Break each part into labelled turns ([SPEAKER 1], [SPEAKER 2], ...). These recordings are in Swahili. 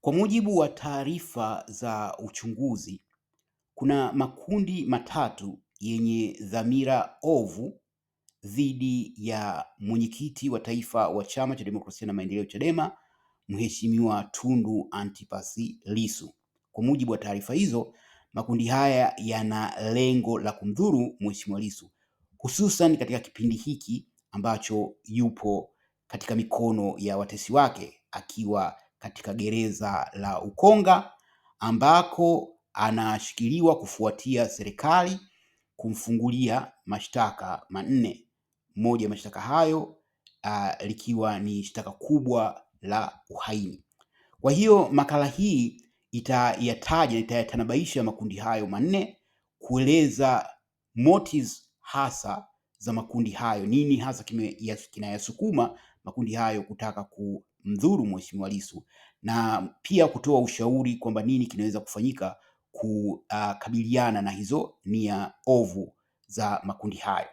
[SPEAKER 1] Kwa mujibu wa taarifa za uchunguzi, kuna makundi matatu yenye dhamira ovu dhidi ya mwenyekiti wa taifa wa Chama cha Demokrasia na Maendeleo Chadema, Mheshimiwa Tundu Antipas Lissu. Kwa mujibu wa taarifa hizo, makundi haya yana lengo la kumdhuru Mheshimiwa Lissu, hususan katika kipindi hiki ambacho yupo katika mikono ya watesi wake akiwa katika gereza la Ukonga ambako anashikiliwa kufuatia serikali kumfungulia mashtaka manne. Moja ya mashtaka hayo uh, likiwa ni shtaka kubwa la uhaini. Kwa hiyo makala hii itayataja, itayatanabaisha makundi hayo manne, kueleza motives hasa za makundi hayo, nini hasa kinayasukuma makundi hayo kutaka ku kumdhuru Mheshimiwa Lissu na pia kutoa ushauri kwamba nini kinaweza kufanyika kukabiliana ah, na hizo nia ovu za makundi hayo.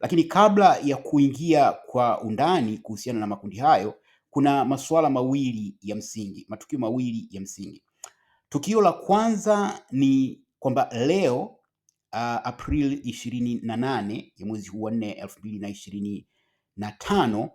[SPEAKER 1] Lakini kabla ya kuingia kwa undani kuhusiana na makundi hayo, kuna masuala mawili ya msingi, matukio mawili ya msingi. Tukio la kwanza ni kwamba leo uh, Aprili ishirini na nane ya mwezi huu wa nne elfu mbili na ishirini na tano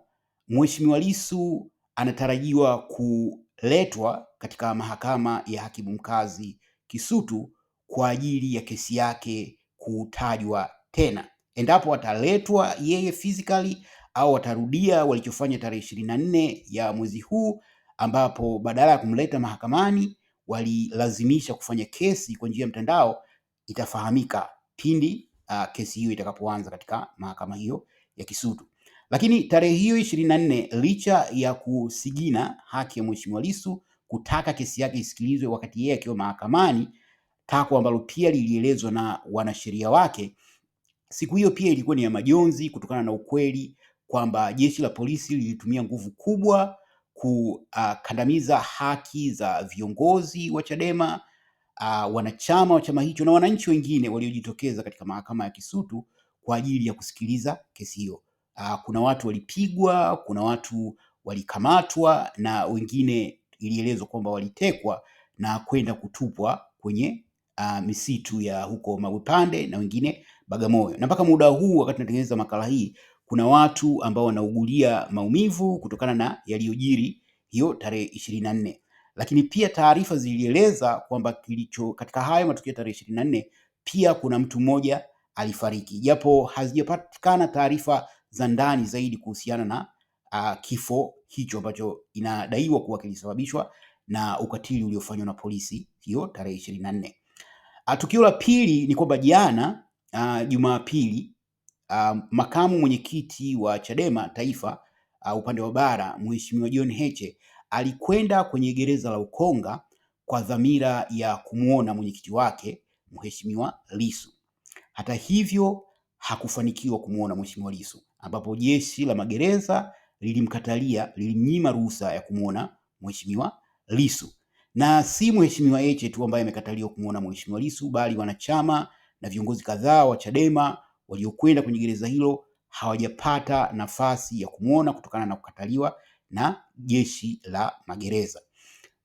[SPEAKER 1] Mheshimiwa Lissu anatarajiwa kuletwa katika mahakama ya hakimu mkazi Kisutu kwa ajili ya kesi yake kutajwa tena, endapo ataletwa yeye physically au watarudia walichofanya tarehe ishirini na nne ya mwezi huu ambapo badala ya kumleta mahakamani walilazimisha kufanya kesi kwa njia ya mtandao. Itafahamika pindi uh, kesi hiyo itakapoanza katika mahakama hiyo ya Kisutu. Lakini tarehe hiyo ishirini na nne licha ya kusigina haki ya Mheshimiwa Lissu kutaka kesi yake isikilizwe wakati yeye akiwa mahakamani, takwa ambalo pia lilielezwa na wanasheria wake. Siku hiyo pia ilikuwa ni ya majonzi kutokana na ukweli kwamba jeshi la polisi lilitumia nguvu kubwa kukandamiza ah, haki za viongozi wa Chadema, uh, wanachama wa chama hicho na wananchi wengine waliojitokeza katika mahakama ya Kisutu kwa ajili ya kusikiliza kesi hiyo uh, kuna watu walipigwa, kuna watu walikamatwa na wengine ilielezwa kwamba walitekwa na kwenda kutupwa kwenye uh, misitu ya huko Mawepande na wengine Bagamoyo. Na mpaka muda huu wakati natengeneza makala hii, kuna watu ambao wanaugulia maumivu kutokana na yaliyojiri hiyo tarehe ishirini na nne, lakini pia taarifa zilieleza kwamba kilicho katika hayo matukio ya tarehe ishirini na nne pia kuna mtu mmoja alifariki, japo hazijapatikana taarifa za ndani zaidi kuhusiana na uh, kifo hicho ambacho inadaiwa kuwa kilisababishwa na ukatili uliofanywa na polisi hiyo tarehe ishirini na nne. Tukio la pili ni kwamba jana uh, Jumapili uh, makamu mwenyekiti wa Chadema Taifa uh, upande wa bara Mheshimiwa John Heche alikwenda kwenye gereza la Ukonga kwa dhamira ya kumwona mwenyekiti wake Mheshimiwa Lissu. Hata hivyo hakufanikiwa kumwona Mheshimiwa Lissu ambapo jeshi la magereza lilimkatalia, lilimnyima ruhusa ya kumwona Mheshimiwa Lissu, na si Mheshimiwa Heche tu ambaye amekataliwa kumwona Mheshimiwa Lissu, bali wanachama na viongozi kadhaa wa Chadema waliokwenda kwenye gereza hilo hawajapata nafasi ya kumwona kutokana na kukataliwa na jeshi la magereza.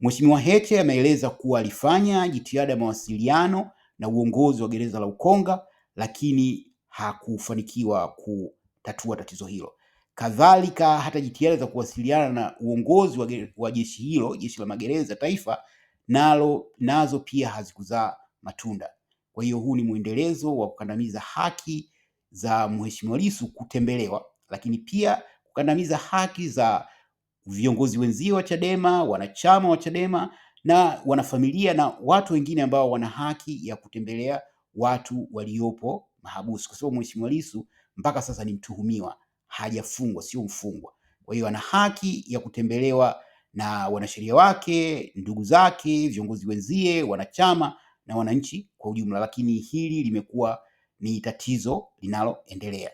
[SPEAKER 1] Mheshimiwa Heche ameeleza kuwa alifanya jitihada ya mawasiliano na uongozi wa gereza la Ukonga lakini hakufanikiwa ku tatua tatizo hilo. Kadhalika hata jitihada za kuwasiliana na uongozi wa, wa jeshi hilo, jeshi la magereza taifa, nalo nazo pia hazikuzaa matunda. Kwa hiyo huu ni mwendelezo wa kukandamiza haki za Mheshimiwa Lissu kutembelewa, lakini pia kukandamiza haki za viongozi wenzie wa Chadema, wanachama wa Chadema na wanafamilia na watu wengine ambao wana haki ya kutembelea watu waliopo mahabusu, kwa sababu Mheshimiwa Lissu mpaka sasa ni mtuhumiwa, hajafungwa, sio mfungwa. Kwa hiyo ana haki ya kutembelewa na wanasheria wake, ndugu zake, viongozi wenzie, wanachama na wananchi kwa ujumla, lakini hili limekuwa ni tatizo linaloendelea.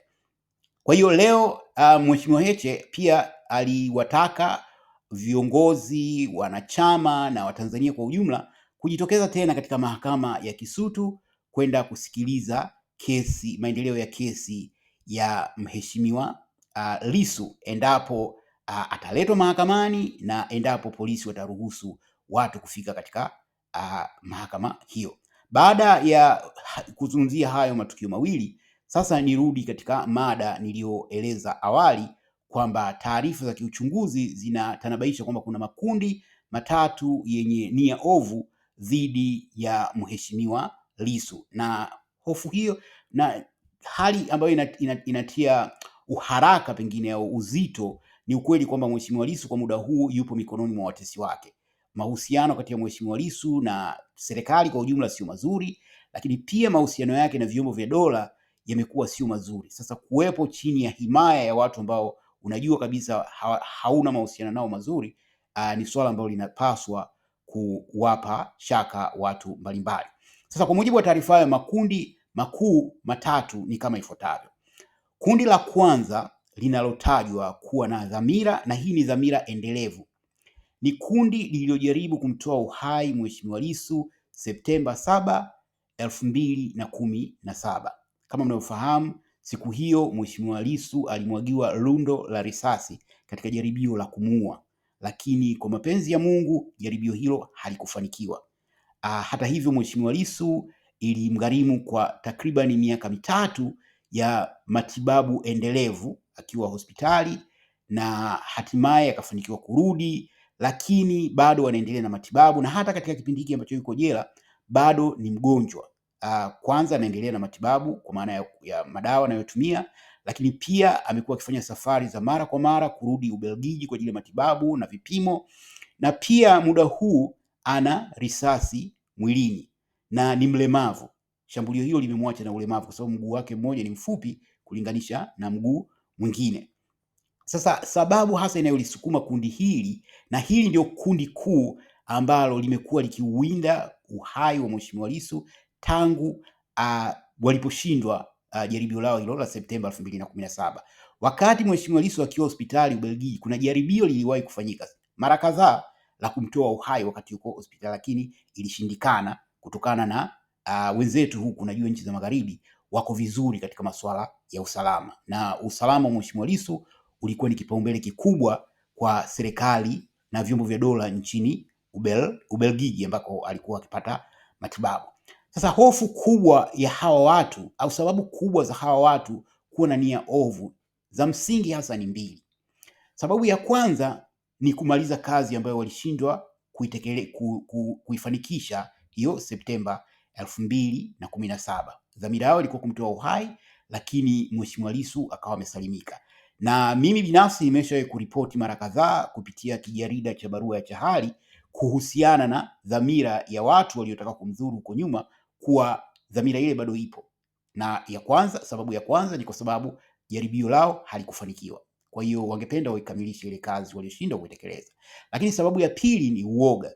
[SPEAKER 1] Kwa hiyo leo uh, Mheshimiwa Heche pia aliwataka viongozi, wanachama na Watanzania kwa ujumla kujitokeza tena katika mahakama ya Kisutu kwenda kusikiliza kesi, maendeleo ya kesi ya mheshimiwa uh, Lissu endapo uh, ataletwa mahakamani na endapo polisi wataruhusu watu kufika katika uh, mahakama hiyo. Baada ya kuzungumzia hayo matukio mawili, sasa nirudi katika mada niliyoeleza awali kwamba taarifa za kiuchunguzi zinatanabaisha kwamba kuna makundi matatu yenye nia ovu dhidi ya mheshimiwa Lissu na hofu hiyo na hali ambayo inatia uharaka pengine au uzito ni ukweli kwamba Mheshimiwa Lissu kwa muda huu yupo mikononi mwa watesi wake. Mahusiano kati ya Mheshimiwa Lissu na serikali kwa ujumla sio mazuri, lakini pia mahusiano yake na vyombo vya dola yamekuwa sio mazuri. Sasa kuwepo chini ya himaya ya watu ambao unajua kabisa ha hauna mahusiano nao mazuri, uh, ni swala ambalo linapaswa kuwapa shaka watu mbalimbali. Sasa kwa mujibu wa taarifa ya makundi makuu matatu ni kama ifuatavyo. Kundi la kwanza linalotajwa kuwa na dhamira, na hii ni dhamira endelevu, ni kundi lililojaribu kumtoa uhai Mheshimiwa Lissu Septemba saba elfu mbili na kumi na saba. Kama mnavyofahamu, siku hiyo Mheshimiwa Lissu alimwagiwa lundo la risasi katika jaribio la kumuua, lakini kwa mapenzi ya Mungu jaribio hilo halikufanikiwa. Ah, hata hivyo Mheshimiwa Lissu ilimgharimu kwa takribani miaka mitatu ya matibabu endelevu akiwa hospitali na hatimaye akafanikiwa kurudi, lakini bado wanaendelea na matibabu, na hata katika kipindi hiki ambacho yuko jela bado ni mgonjwa. Ah, kwanza anaendelea na matibabu kwa maana ya, ya madawa anayotumia, lakini pia amekuwa akifanya safari za mara kwa mara kurudi Ubelgiji kwa ajili ya matibabu na vipimo, na pia muda huu ana risasi mwilini na ni mlemavu. Shambulio hilo limemwacha na ulemavu kwa sababu mguu wake mmoja ni mfupi kulinganisha na mguu mwingine. Sasa sababu hasa inayolisukuma kundi hili, na hili ndio kundi kuu ambalo limekuwa likiuinda uhai wa Mheshimiwa Lissu tangu uh, waliposhindwa uh, jaribio lao hilo la Septemba 2017. Wakati Mheshimiwa Lissu akiwa hospitali Ubelgiji, kuna jaribio liliwahi kufanyika mara kadhaa la kumtoa uhai wakati yuko hospitali, lakini ilishindikana kutokana na uh, wenzetu huku, najua nchi za magharibi wako vizuri katika masuala ya usalama, na usalama wa Mheshimiwa Lissu ulikuwa ni kipaumbele kikubwa kwa serikali na vyombo vya dola nchini Ubel, Ubelgiji ambako alikuwa akipata matibabu. Sasa hofu kubwa ya hawa watu au sababu kubwa za hawa watu kuwa na nia ovu za msingi hasa ni mbili. Sababu ya kwanza ni kumaliza kazi ambayo walishindwa kuifanikisha hiyo Septemba elfu mbili na kumi na saba. Dhamira yao ilikuwa kumtoa uhai, lakini Mheshimiwa Lissu akawa amesalimika. Na mimi binafsi nimeshawahi kuripoti mara kadhaa kupitia kijarida cha Barua ya Chahali kuhusiana na dhamira ya watu waliotaka kumdhuru huko nyuma, kuwa dhamira ile bado ipo. Na ya kwanza, sababu ya kwanza ni kwa sababu jaribio lao halikufanikiwa, kwa hiyo wangependa waikamilishe ile kazi walioshindwa kuitekeleza. Lakini sababu ya pili ni uoga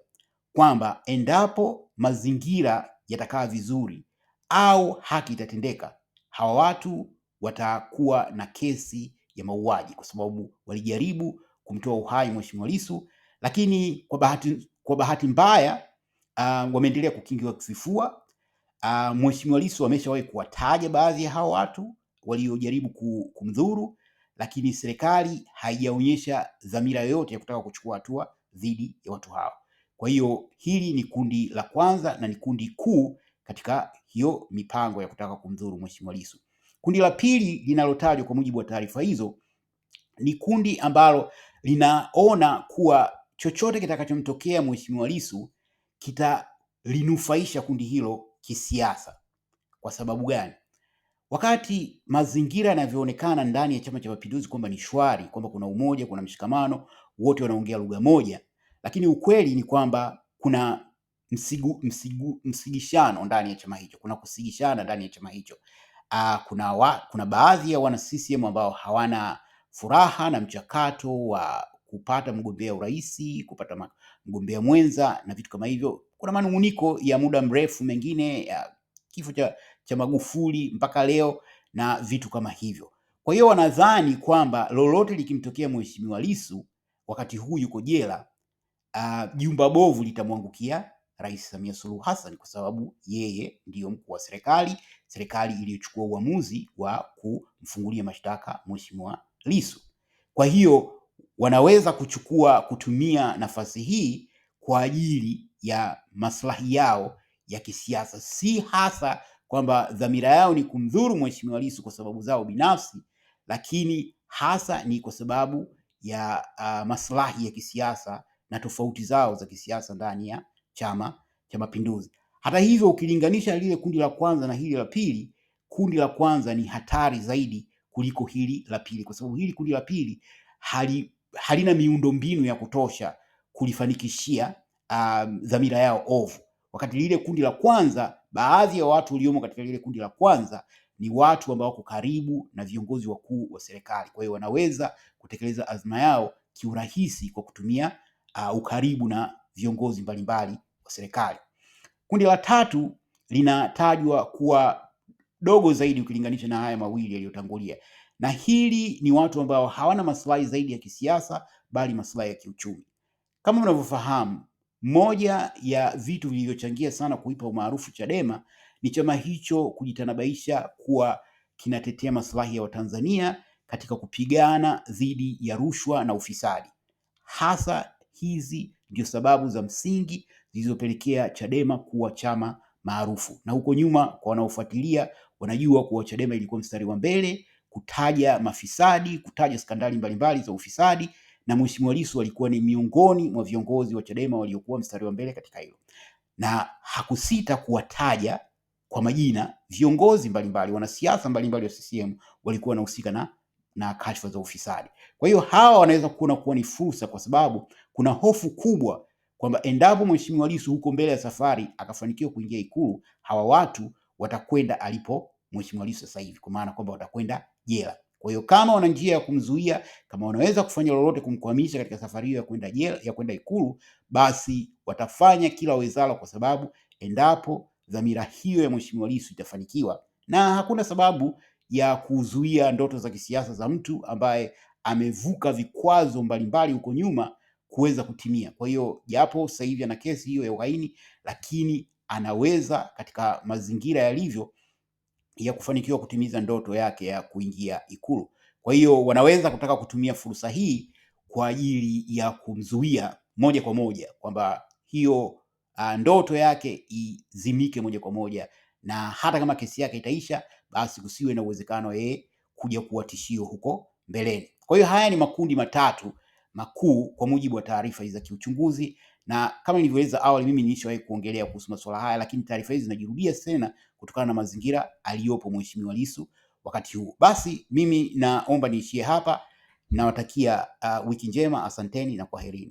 [SPEAKER 1] kwamba endapo mazingira yatakaa vizuri au haki itatendeka, hawa watu watakuwa na kesi ya mauaji, kwa sababu walijaribu kumtoa uhai Mheshimiwa Lissu, lakini kwa bahati, kwa bahati mbaya uh, wameendelea kukingiwa kifua. Uh, ah, Mheshimiwa Lissu ameshawahi kuwataja baadhi ya hao watu waliojaribu kumdhuru, lakini serikali haijaonyesha dhamira yoyote ya kutaka kuchukua hatua dhidi ya watu hao. Kwa hiyo hili ni kundi la kwanza na ni kundi kuu katika hiyo mipango ya kutaka kumdhuru Mheshimiwa Lissu. Kundi la pili linalotajwa kwa mujibu wa taarifa hizo ni kundi ambalo linaona kuwa chochote kitakachomtokea Mheshimiwa Lissu kitalinufaisha kundi hilo kisiasa. Kwa sababu gani? Wakati mazingira yanavyoonekana ndani ya Chama cha Mapinduzi kwamba ni shwari, kwamba kuna umoja, kuna mshikamano, wote wanaongea lugha moja, lakini ukweli ni kwamba kuna msigu, msigu, msigishano ndani ya chama hicho, kuna kusigishana ndani ya chama hicho. Uh, kuna, wa, kuna baadhi ya wana CCM ambao hawana furaha na mchakato wa kupata mgombea urais, kupata mgombea mwenza na vitu kama hivyo. Kuna manunguniko ya muda mrefu mengine ya kifo cha, cha Magufuli mpaka leo na vitu kama hivyo. Kwa hiyo wanadhani kwamba lolote likimtokea Mheshimiwa Lissu wakati huu yuko jela uh, jumba bovu litamwangukia Rais Samia Suluhu Hassan kwa sababu yeye ndiyo mkuu wa serikali, serikali iliyochukua uamuzi wa kumfungulia mashtaka Mheshimiwa Lissu. Kwa hiyo wanaweza kuchukua kutumia nafasi hii kwa ajili ya maslahi yao ya kisiasa, si hasa kwamba dhamira yao ni kumdhuru Mheshimiwa Lissu kwa sababu zao binafsi, lakini hasa ni kwa sababu ya uh, maslahi ya kisiasa na tofauti zao za kisiasa ndani ya Chama cha Mapinduzi. Hata hivyo, ukilinganisha lile kundi la kwanza na hili la pili, kundi la kwanza ni hatari zaidi kuliko hili la pili, kwa sababu hili kundi la pili hali, halina miundombinu ya kutosha kulifanikishia um, dhamira yao ovu, wakati lile kundi la kwanza, baadhi ya watu waliomo katika lile kundi la kwanza ni watu ambao wako karibu na viongozi wakuu wa serikali, kwa hiyo wanaweza kutekeleza azma yao kiurahisi kwa kutumia uh, ukaribu na viongozi mbalimbali wa serikali. Kundi la tatu linatajwa kuwa dogo zaidi ukilinganisha na haya mawili yaliyotangulia, na hili ni watu ambao hawana maslahi zaidi ya kisiasa, bali maslahi ya kiuchumi. Kama mnavyofahamu, moja ya vitu vilivyochangia sana kuipa umaarufu Chadema ni chama hicho kujitanabaisha kuwa kinatetea maslahi ya Watanzania katika kupigana dhidi ya rushwa na ufisadi hasa Hizi ndio sababu za msingi zilizopelekea Chadema kuwa chama maarufu, na huko nyuma kwa wanaofuatilia wanajua kuwa Chadema ilikuwa mstari wa mbele kutaja mafisadi, kutaja skandali mbalimbali za ufisadi, na Mheshimiwa Lissu alikuwa ni miongoni mwa viongozi wa Chadema waliokuwa mstari wa mbele katika hilo, na hakusita kuwataja kwa majina viongozi mbalimbali, wanasiasa mbalimbali wa CCM walikuwa wanahusika na na kashfa za ufisadi. Kwa hiyo hawa wanaweza kuona kuwa ni fursa, kwa sababu kuna hofu kubwa kwamba endapo Mheshimiwa Lissu huko mbele ya safari akafanikiwa kuingia Ikulu, hawa watu watakwenda alipo Mheshimiwa Lissu sasa hivi, kwa maana kwamba watakwenda jela. Kwa hiyo kama wana njia ya kumzuia, kama wanaweza kufanya lolote kumkwamisha katika safari hiyo ya kwenda jela, ya kwenda Ikulu, basi watafanya kila wezalo, kwa sababu endapo dhamira hiyo ya Mheshimiwa Lissu itafanikiwa, na hakuna sababu ya kuzuia ndoto za kisiasa za mtu ambaye amevuka vikwazo mbalimbali huko nyuma kuweza kutimia. Kwa hiyo japo sasa hivi ana kesi hiyo ya uhaini, lakini anaweza katika mazingira yalivyo ya kufanikiwa kutimiza ndoto yake ya kuingia Ikulu. Kwa hiyo wanaweza kutaka kutumia fursa hii kwa ajili ya kumzuia moja kwa moja kwamba hiyo uh, ndoto yake izimike moja kwa moja na hata kama kesi yake itaisha, basi kusiwe na uwezekano yeye kuja kuwa tishio huko mbeleni. Kwa hiyo haya ni makundi matatu makuu kwa mujibu wa taarifa hizi za kiuchunguzi, na kama nilivyoeleza awali, mimi nilishawahi kuongelea kuhusu masuala haya, lakini taarifa hizi zinajirudia tena kutokana na mazingira aliyopo Mheshimiwa Lissu wakati huu. Basi mimi naomba niishie hapa, nawatakia uh, wiki njema, asanteni na kwaherini.